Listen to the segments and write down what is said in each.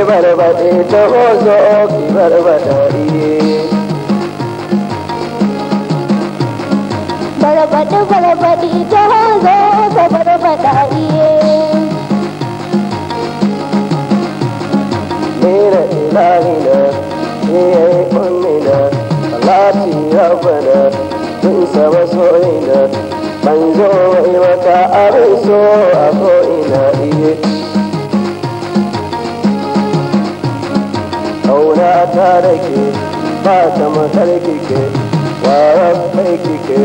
ibar baɗi ta hozo ibar baɗari barbaɗi barbaɗi ta hozo ta barbaɗari Nina na, niyayi ummina, salati rabbana, tun sama soyina, ban zo wa imata ina so a ko'ina iye. ta da ke ba ta matar kike warar kai kike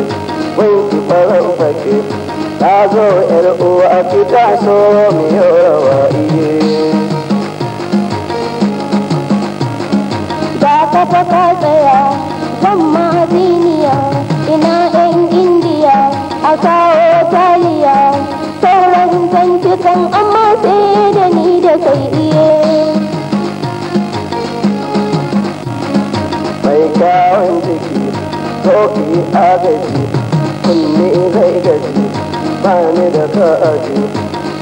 wai ki farar fake ta zo uwa ki taso mu yau iye. Ba kyakkyawan jiki to yi agaji kunne zai gaji ba ni da ka'aji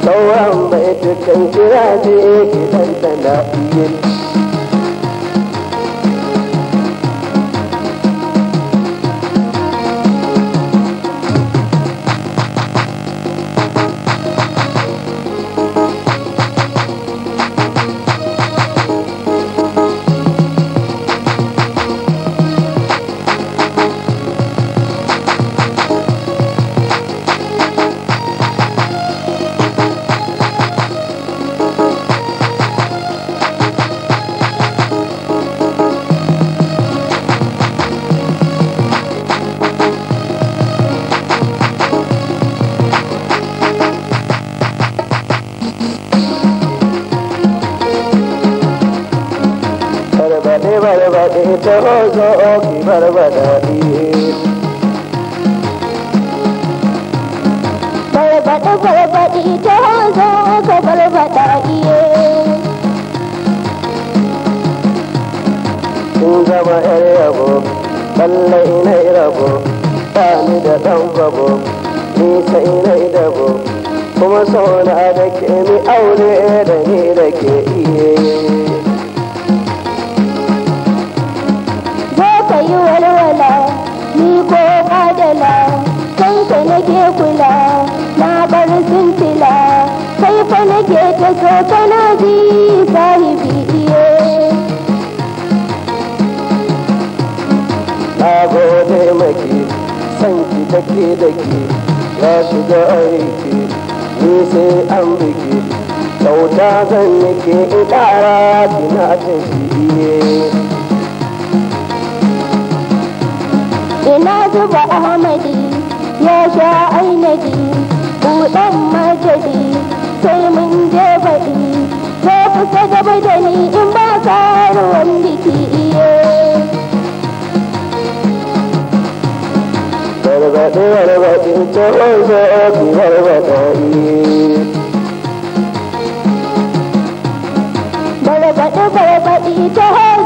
sauran bai dukkan kiraje ki dandana iya bar baɗi ta rozo ki bar baɗaɗi. Barbaɗa barbaɗi ta rozo ka bar baɗaɗi. Sun zama ‘yar yabo, balle ina irabo, ta ni da ɗan babo, nisa ina idabo, kuma sau na da ke ni aure da ni da ke iye. ta so kana bi sahibi iye na gode maki san ki take da ke ya shiga aiki ni sai an biki kyauta zan nake in ƙara kina tafi iye ina zuba ahmadi ya sha ainadi buɗan majadi da ni in ba karuwan biki iye Barbaɗe barbaɗe ta wanzu